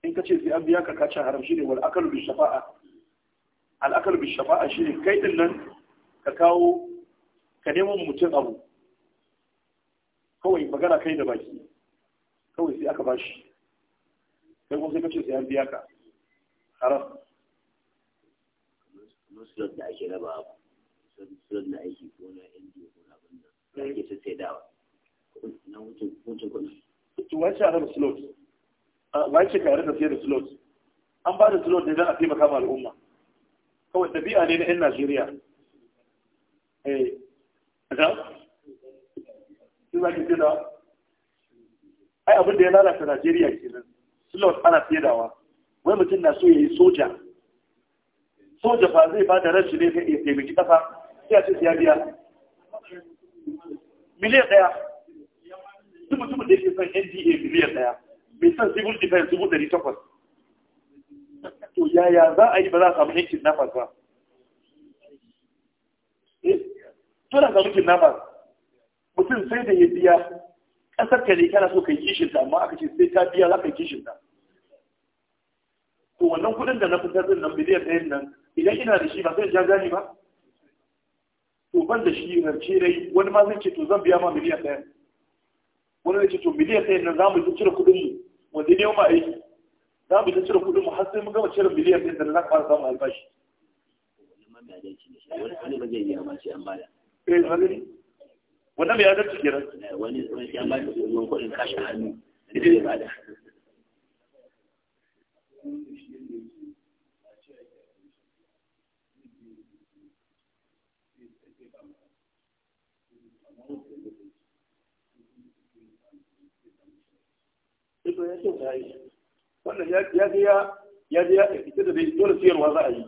in ka ce sai an biya ka ka ci haram shine wal akalu bi shafa'a al akalu bi shafa'a shine kai din nan ka kawo ka nemo mutum abu kawai magana kai da baki kawai sai aka bashi sai kuma sai ka ce sai an biya ka haram kamar da ake raba ba da ake indiya ko abin da ake sassai dawa na to a raba ah, ka rika fiye da slot an ba da ne don a taimaka ma al'umma kawai ɗabi'a ne na 'yan najeriya eh da shi za ki ai abin da ya lalata najeriya kenan slot ana sayarwa wai mutum na so ya yi soja soja fa zai ba da rashi ne zai ya taimaki kasa sai a ce siya biya miliyan ɗaya duk mutumin da ke son nda miliyan ɗaya mai son civil defense dubu dari takwas to yaya za a yi ba za a samu yankin nafas ba to eh, da samu nafas. mutum sai da ya biya ƙasar ka ne kana so ka yi kishinta amma aka ce sai ta biya za ka yi ta. to wannan kudin da na fitar din nan miliyan ɗayan nan idan ina da shi ba sai ja gani ba to ban da shi rance dai wani ma zai ce to zan biya ma miliyan ɗaya wani zai ce to miliyan ɗaya nan za mu ta cire kuɗin mu wanda ne ma aiki za mu ta cire kuɗin mu har sai mun gama cire miliyan ɗaya da za ka fara samun albashi wani ba zai biya ma sai an wani wannan bai adalci kenan wani hannu to ya kyauta ya yi wannan ya je ya ya je ya ita da dole siyarwa za a yi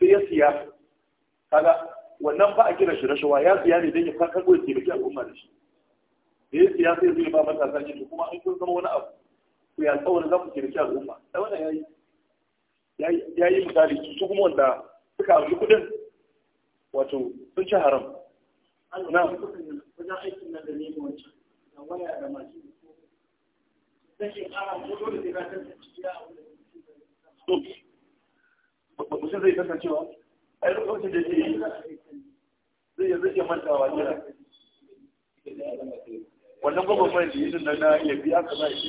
sai ya siya kaga wannan ba a kira shi rashawa ya siya ne don ya farkar ko ya taimaki al'umma da shi da ya siya sai zai ba matasa ne kuma an kun zama wani abu to ya tsawon za ku taimaki al'umma da wannan ya yi ya yi misali su kuma wanda suka amshi kuɗin wato sun ci haram na wajen aikin na da ne wancan da waya da mashin mutum zai kasancewa da ke zai yanzu ke mantawa jira wannan mai da na iya biya ka zai ke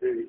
ke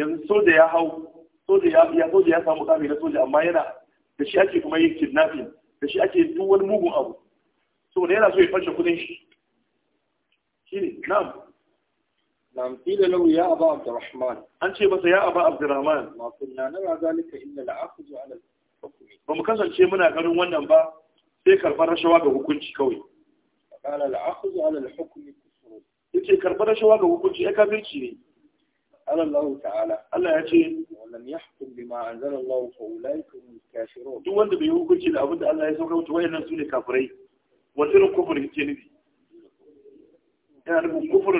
yanzu soja ya hau soja ya soja ya samu kame na soja amma yana da shi ake kuma yin kidnapping da shi ake duk wani mugun abu saboda yana so ya fashe kudin shi shine na'am na'am qila lahu ya aba abdurrahman an ce masa ya aba abdurrahman ma kunna nara zalika illa al'akhudhu ala al-hukmi ba mu kasance muna ganin wannan ba sai karbar rashawa ga hukunci kawai qala al'akhudhu ala al-hukmi kufr yace karbar rashawa ga hukunci ya kafirci ne قال الله تعالى الله يجي ولم يحكم بما أنزل الله فأولئك هم الكافرون دو wanda bai hukunci da abin da Allah ya saukar mutu wayannan su ne kafirai wanda ne kufur yake nufi yana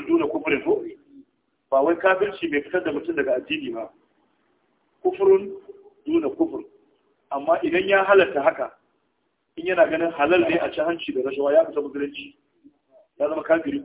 duna kufurin ba wai kafirci bai fita da mutum daga addini ba kufurin duna kufur amma idan ya halatta haka in yana ganin halal ne a ci hanci da rashawa ya fita musulunci ya zama kafiri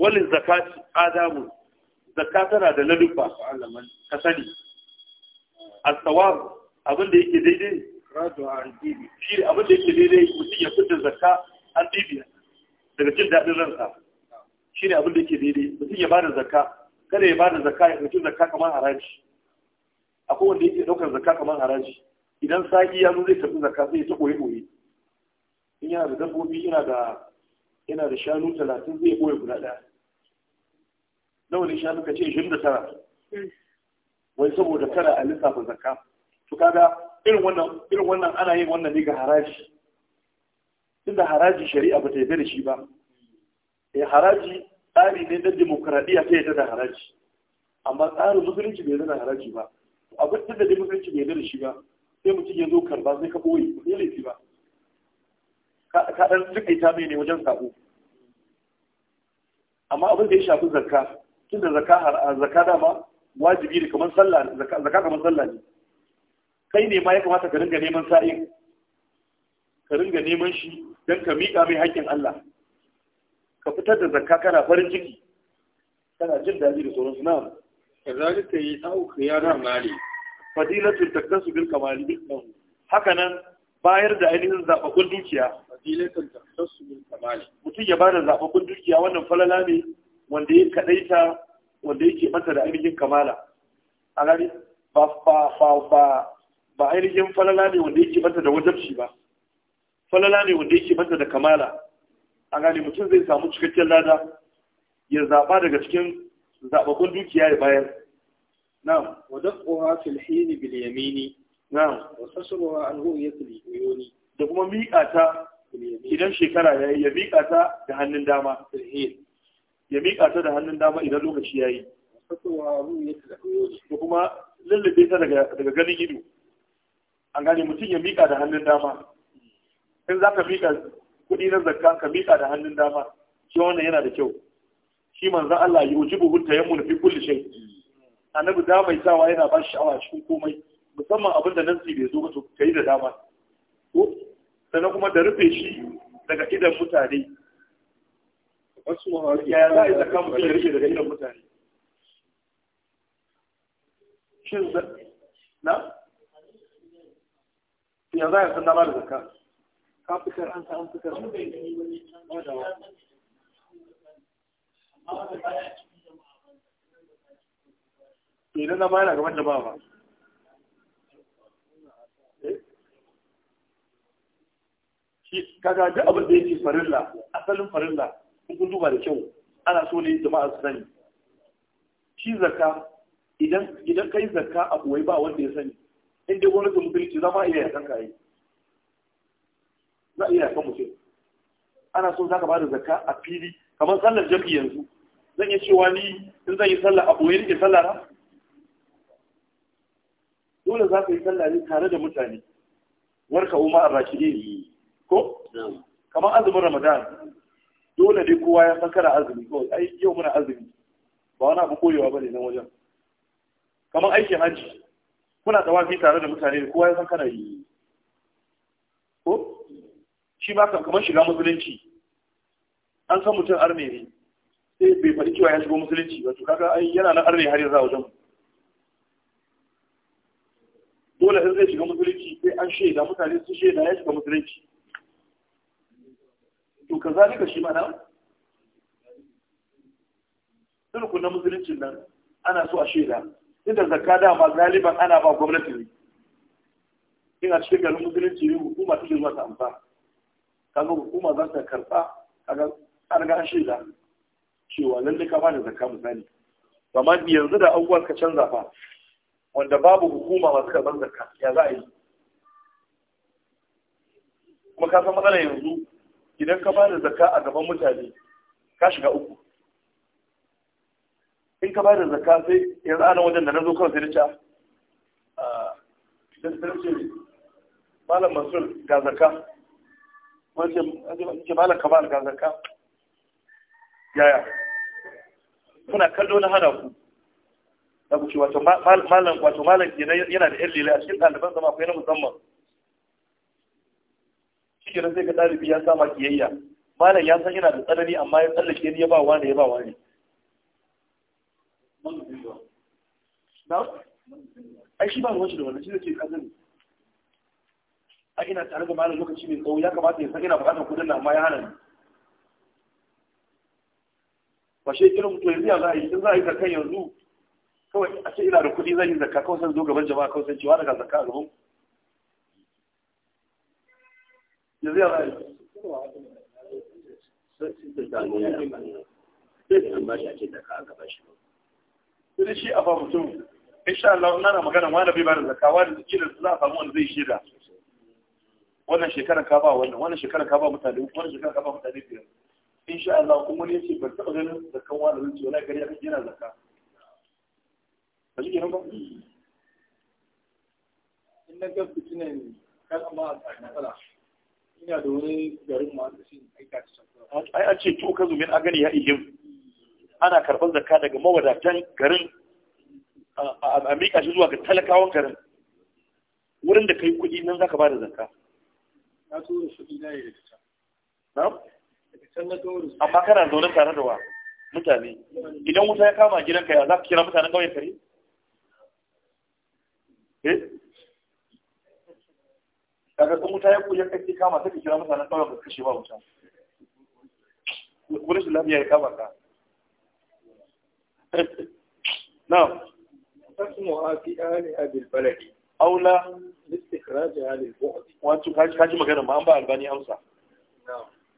walin zakat adamu zaka tana da lalufa ka sani al-sawab abin da yake daidai shi abin da yake daidai mutum ya fitar zaka an dibiya daga jin daɗin ransa shi ne abin da yake daidai mutum ya bada zaka. kada ya bada zaka, ya ɗauki zaka kamar haraji akwai wanda yake ɗaukar zaka kamar haraji idan sa'i ya zo zai tafi zaka, sai ya ta ɓoye-ɓoye in yana da dabbobi yana da yana da shanu talatin zai ɓoye guda ɗaya nawa ne shanu ka ce ishirin da tara hmm. wai saboda tara a lissafin zakka to kaga irin wannan irin wannan ana yin wannan ne ga haraji da haraji shari'a ba ta yi da shi ba eh haraji tsari ne na demokradiyya ta yi da haraji amma tsarin musulunci bai yarda da haraji ba abin da da musulunci bai yarda da shi ba sai mutum ya zo karba sai ka ɓoye ba sai laifi ba Kaɗan duk tsikaita mai ne wajen sako amma abin da ya shafi zakka tun da zakka har zakka dama wajibi ne kamar sallah zakka kamar sallah ne kai ne ma ya kamata ka ringa neman sa'in ka ringa neman shi don ka miƙa mai haƙƙin Allah ka fitar da zakka kana farin ciki kana jin daɗi da sauransu na kazalika yi sa'u khiyarul mali fadilatul taktasu bil kamali haka nan bayar da ainihin zaɓaɓɓun dukiya fasilatan kamali mutum ya bada zababbun dukiya wannan falala ne wanda ya kadaita wanda yake mata da ainihin kamala a gani ba ba ba ba ba ainihin falala ne wanda yake mata da wajabci ba falala ne wanda yake mata da kamala a mutum zai samu cikakken lada ya zaba daga cikin zababbun dukiya ya bayar na'am wa dafuha fil hin bil yamini na'am wa sasruha an ru'yati al da kuma miƙa ta idan shekara ya yi ya miƙa ta da hannun dama ya miƙa ta da hannun dama idan lokaci ya yi da kuma lullube ta daga ganin ido an gane mutum ya miƙa da hannun dama in za ka miƙa kuɗi na zakka ka miƙa da hannun dama shi wannan yana da kyau shi manzan Allah ya wuce buhun na fi kulli A annabi da mai sawa yana ba shi sha'awa cikin komai musamman abin da nan bai zo ba to kai da dama sannan kuma da rufe shi daga idan mutane yaya za a yi zaka mutum rufe daga idan mutane shin na ya za a da zaka ka fitar an sa an fitar idan na bayan a gaban da ba ba kaga duk abin da yake farilla asalin farilla in kun duba da kyau ana so ne jama'a su sani shi zakka idan idan kai zakka a boye ba wanda ya sani in dai gwamnati musulunci za ma iya yakan ka yi za iya yakan mutum ana so za ka ba da zakka a fili kamar sallar jam'i yanzu zan iya cewa ni in zan yi sallah a boye nake sallah na dole za ka yi sallah ne tare da mutane warka umar rashidi ko kamar azumin ramadan dole ne kowa ya san kana azumi ko ai yau muna azumi ba wani abu koyewa bane nan wajen kamar aikin hajji kuna tawafi tare da mutane da kowa ya san kana yi ko shi ma kamar shiga musulunci an san mutum arme ne sai bai faɗi cewa ya shigo musulunci ba to kaga ai yana nan arme har yanzu a wajen dole in zai shiga musulunci sai an shaida mutane sun shaida ya shiga musulunci to ka zalika shi mana sulku na musuluncin nan ana so a shaida inda zakka dama galiban ana ba gwamnati ne a cikin garin musulunci ne hukuma ta zuwa ta amsa kaga hukuma za ta karba kaga an ga shaida cewa lalle ka bada zakka misali amma yanzu da abubuwan ka canza fa wanda babu hukuma masu karban zakka ya za a yi kuma ka san matsalar yanzu idan ka bada zakka a gaban mutane ka shiga uku in ka bada zakka sai yanzu ana wajen da na zo kawai sai ta ah, malam masul ga zakka wace malam kamar ga zakka yaya kuna kallo na hana ku da ku ce wato malam kenan yana da yan lila a cikin ɗaliban zama akwai na musamman shi kenan sai ka ɗalibi ya sama kiyayya malam ya san yana da tsanani amma ya tsallake ni ya ba wani ya ba wani ai shi ba ruwan shi da wannan shi zai ce kazani ai ina tare da malam lokaci mai tsawo ya kamata ya san ina buƙatar kudin na amma ya hana ni ba shi irin to yanzu ya za a yi in za a yi zakan yanzu kawai a ce ina da kuɗi zan yi zakka kawai san zo gaban jama'a kawai san cewa daga zakka a gaban yanzu ya rayu sai shi a ba mutum insha Allah na magana wani bai bada zakka wani zikirin za a samu wani zai shida wannan shekarar ka ba wannan wannan shekarar ka ba mutane wannan shekarar ka ba mutane biyar insha Allah kuma wani ce ban taɓa ganin zakkan wani zai ce wani gari ya kira zakka ba shi kenan ba in na gaskiya ne kan a tsakanin ina da wani garin ma shi aika ta shafa ai an ce to ka zumin an gani ya ihim ana karɓar zakka daga mawadatan garin a miƙa shi zuwa ga talakawan garin wurin da ka yi kuɗi nan za ka ba da zakka na so da kuɗi na yi da amma kana zaune tare da wa mutane idan wuta ya kama gidanka ya za ka kira mutanen ƙauyen kare eh kaga sun wuta ya kuya kai kama sai ka kira mutanen kawai ka kashe ba wuta ko shi lafiya ya kama ka na'am tasmu fi ali abil baladi aula istikhraj ali al-bu'd wato kaji kaji magana ma an ba albani amsa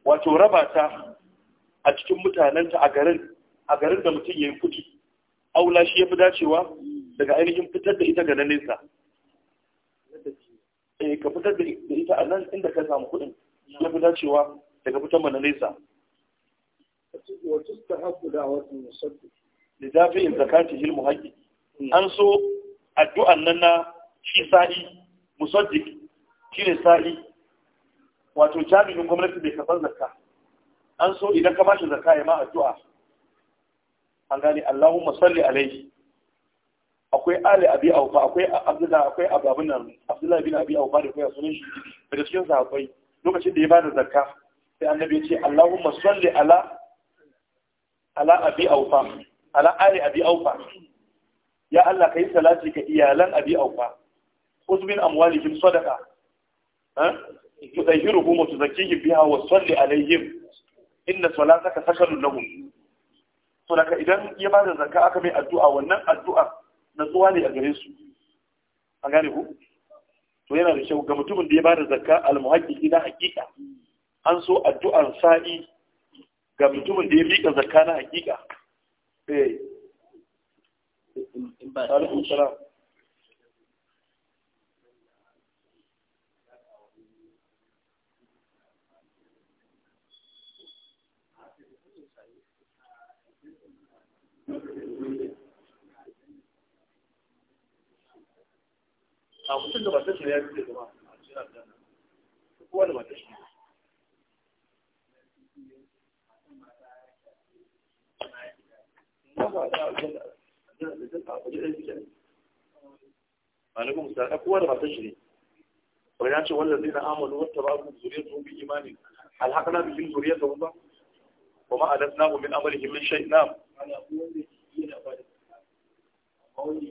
wato raba ta a cikin mutanen ta a garin a garin da mutum yi kudi aula shi yafi dacewa daga ainihin fitar da ita ga nan nesa Eh, ka fitar da ita a nan inda ka samu kuɗin ya fi dacewa daga fitar mana nesa da zafi in zakati hilmu haƙi mm. an so addu'an nan na shi sa'i musaddiq shi ne sa'i wato jami'in gwamnati bai kafan zakka an so idan ka bashi zakka ya ma addu'a an gani Allahumma salli alaihi akwai ali abi aufa akwai abdullah akwai ababun nan abdullah bin abi aufa da kai sunan shi daga cikin akwai lokacin da ya bada zakka sai annabi ya ce allahumma salli ala ala abi aufa ala ali abi aufa ya allah kai salati ga iyalan abi aufa min amwalihim sadaqa ha tudahiruhum wa tuzakkihim biha wa salli alaihim inna salataka sakanun lahum to daga idan ya bada zakka aka mai addu'a wannan addu'a natsuwa ne a gare su an gane ku to yana da kyau ga mutumin da ya bada zakka almuhaqqi na hakika an so addu'ar sa'i ga mutumin da ya bika zakka na hakika eh in ba a mutum da ne ya fi zama a cikin aljanna kowa da matar shi alaikum salam a kowa da ne wani ya ce wanda zai na amalu wata ba ku zuriya su bi imani alhaƙana bi yin zuriya su ba a ma'adar namu min amalin min shai na wanda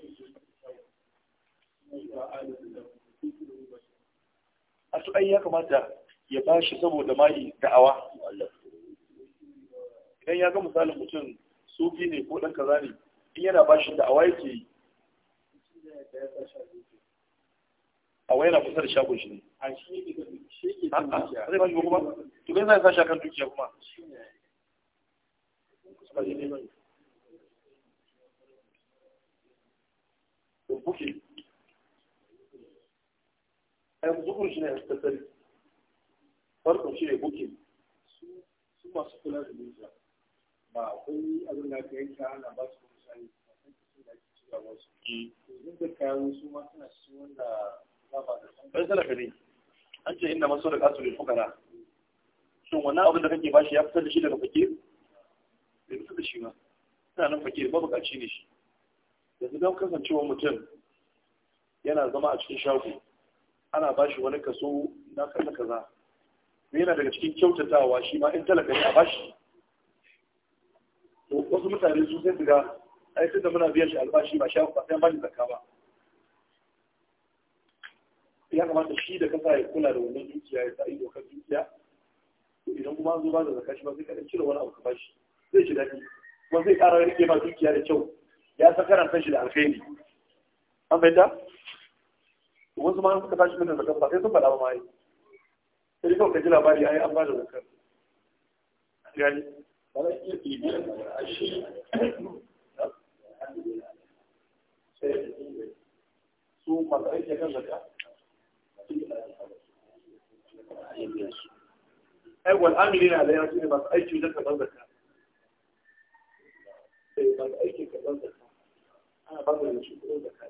a su ya kamata ya ba shi saboda mai da'awa idan ya ga misalin mutum sufi ne ko ɗan kaza ne in yana ba shi da'awa yake yi a yana kusa da shagon shi ne a shi ne ke ga kuma zai sa shi akan dukiya kuma buke ai zuhur shi ne ya tattali farko shi ne bukin su masu kula da nisa ba akwai abin da aka yanka ana ba su ba san kan kasu da ake cewa wasu yanzu mm. da kayan su ma suna cikin wanda ba ba da san bai sadaka ne an ce inda masu da kasu da fukara shin wani abin da kake bashi ya fitar da shi daga fakir bai fitar da shi ba suna nan fakir ba bukaci ne shi yanzu don kasancewa mutum yana zama a cikin shago ana ba shi wani kaso na kaza kaza yana daga cikin kyautatawa shi ma in talaka ne a ba shi to wasu mutane su sai daga ai da muna biyan shi albashi ba shan ba sai ba ni zakka ba ya kamata shi da kasa ya kula da wannan dukiya ya sa ido kan dukiya idan kuma an zo ba da zakka shi ba sai ka cire wani abu ka ba shi zai ji daɗi kuma zai ƙara rike ma dukiya da kyau ya san karanta shi da alkhairi an da wasu ma suka tashi mutum zakar ba sai sun faɗa ba ma yi sai dai kawai ka ji labari ya yi an ba da zakar gani su masu aiki kan zakar ai wal amiri na alayya su ne masu aiki wajen karɓar zakar eh, masu aiki karɓar zakar ana ba da shi kuɗin zakar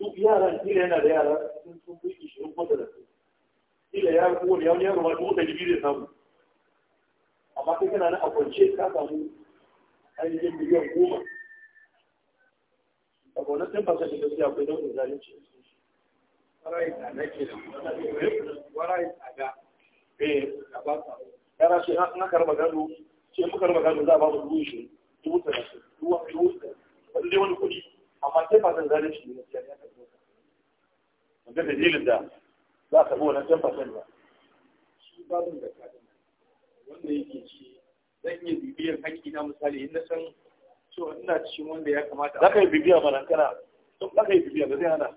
duk yaran kila yana da yara sun sun kuɗi shirin kwata da su ya kowane yawon yaro ma da samu amma kai kana na a kwance ka samu ainihin miliyan goma a gonar ten fasa da ke da warai tsada eh a ba ka yara shi na karba gado ce muka raba gado za a ba mu dubu ishirin dubu talatin dubu hamsin dubu ɗari wani kuɗi amma ten fasa zalunci ne ga dalilin da za ka ba shi babin da wanda yake ci zan bibiyar misali in na san ina cikin wanda ya kamata za ka yi bibiya kana za ka yi bibiya ka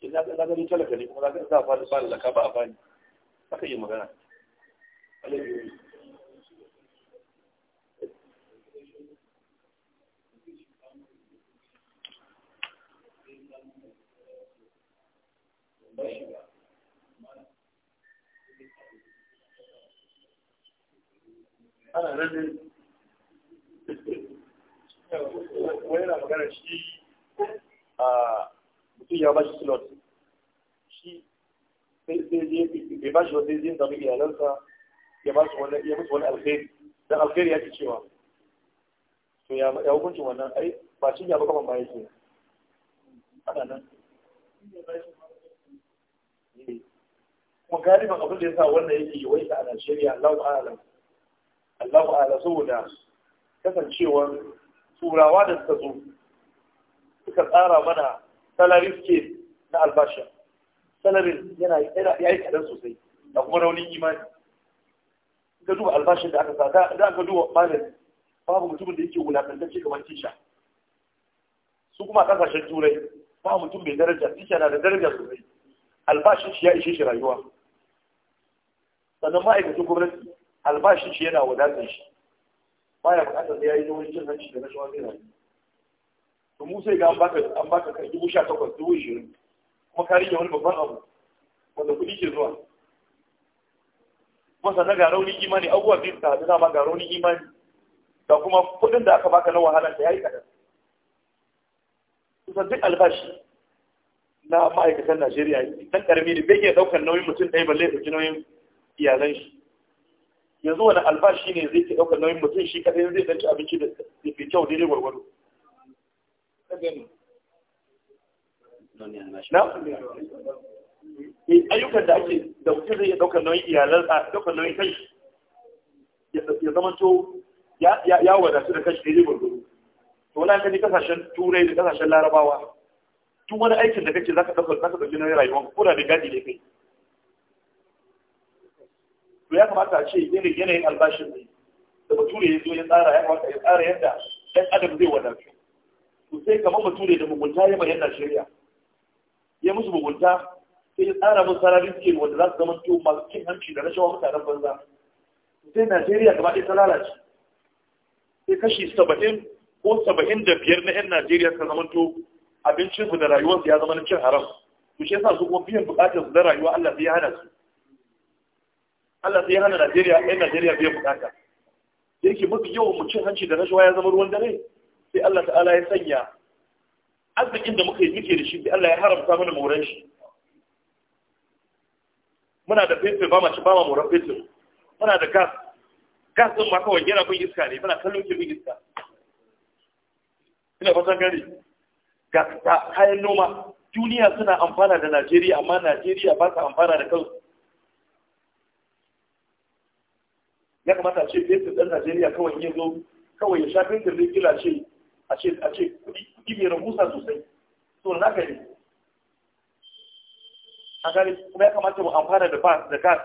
talaka ne kuma za ka sa ba da zaka ba a bani za ka yi magana ana nan ne wani yana magana shi a mutum ya bashi slot shi bai bashi wata zai zama iyalansa ya ba wani ya wani alkhairi dan alkhairi ya ce cewa to ya hukuncin wannan ai ba cin ya ba kaman ba ke ana nan eh. kuma galiban abin da ya sa wannan yake yi wai ta a Najeriya Allahu Allahu ala saboda kasancewar turawa da suka zo suka tsara mana salari scale na albasha. salarin yana yi kadan sosai da kuma raunin imani Suka duba albashin da aka sa da aka duba malin babu mutumin da yake wulakantacce kamar tisha su kuma kasashen turai ba mutum mai daraja tisha na da daraja sosai albashin shi ya ishe shi rayuwa sannan ma'aikacin gwamnati albashin shi yana wadatar shi baya bukatar da ya yi wani jin hanci da rashin wani rayu to mu sai ga an baka an kai dubu sha takwas dubu ishirin kuma ka rike wani babban abu wanda kuɗi ke zuwa kuma sannan ga raunin imani abubuwa biyu ta haɗu dama ga raunin imani da kuma kuɗin da aka baka na wahala da ya yi kaɗan kusan duk albashi na ma'aikatan Najeriya ɗan ƙarami ne bai iya ɗaukar nauyin mutum ɗaya balle ɗauki nauyin iyalan shi yanzu wani albashi ne zai ke ɗaukar nauyin mutum shi kaɗai zai ci abinci da fi kyau daidai gwargwado na eh, ayyukan da ake da mutum zai ɗaukar nauyin iyalar a ɗaukar nauyin kai ya zama to ya wadatu da kashi daidai gwargwado to wani hankali kasashen turai da kasashen larabawa tun wani aikin da kake za ka ɗaukar nauyin rayuwa ko da da gadi ne kai to ya kamata a ce irin yanayin albashin ne da bature ya zo ya tsara ya kamata ya tsara yadda ɗan adam zai wadatu to sai kamar bature da mugunta ya bayan shirya. ya musu mugunta sai ya tsara musu sararin ke wanda za su zama to masu cin hanci da rashawa mutanen banza sai Najeriya gaba ɗaya ta lalace sai kashi saba'in ko saba'in da biyar na 'yan Najeriya ta zama to abincinsu da rayuwarsu ya zama na cin haram to shi yasa su kuma biyan bukatar su na rayuwa Allah sai ya hana su Allah sai ya hana Najeriya ai Najeriya bai bukata da yake mafi yawan mu cin hanci da rashawa ya zama ruwan dare sai Allah ta'ala ya sanya arzikin da muka yi muke da shi sai Allah ya haramta mana moran shi muna da fetur ba ma ci ba ma moran fetur muna da gas gas din ma kawai yana bin iska ne muna kallon ke bin iska ina fatan gari ga kayan noma duniya suna amfana da Najeriya amma Najeriya ba ta amfana da kansu ya kamata ce fesin ɗan Najeriya kawai ya zo kawai ya sha da da kila ce a ce a ce kuɗi mai rahusa sosai to na gari a gari kuma ya kamata mu amfana da bas da gas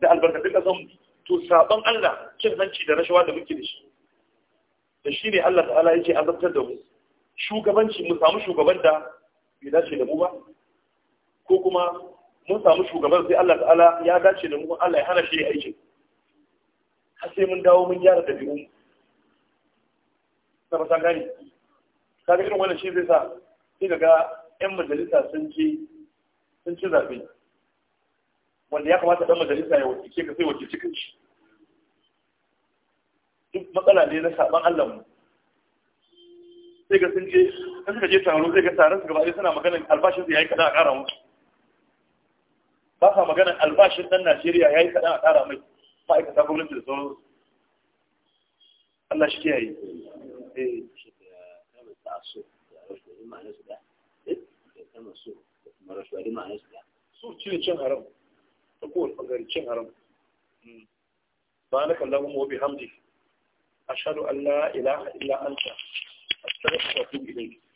da albarkatun ƙasar mu to sabon Allah cin hanci da rashawa da muke da shi da shi ne Allah ta'ala ya ce azabtar da mu shugabanci mu samu shugaban da bai dace da mu ba ko kuma mun samu shugaban sai Allah ta'ala ya dace da mu Allah ya hana shi aikin har sai mun dawo mun gyara da biyu na fasa gani kaga irin wannan shi zai sa sai daga 'yan majalisa sun ci zaɓe wanda ya kamata ɗan majalisa ya wakilce ka sai wakilci kan shi duk matsala ne na saɓan Allah mu sai ga sun je sun suka je taro sai ga taron su gaba suna maganin albashin su yi kaɗan a ƙara musu ba sa maganin albashin ɗan Najeriya yi kaɗan a ƙara mai ma'aikata gwamnati da sauransu Allah shi kiyaye eh su cire cin haram ta kowane bangare cin haram سبحانك اللهم وبحمدك أشهد أن لا إله إلا أنت أستغفرك وأتوب إليك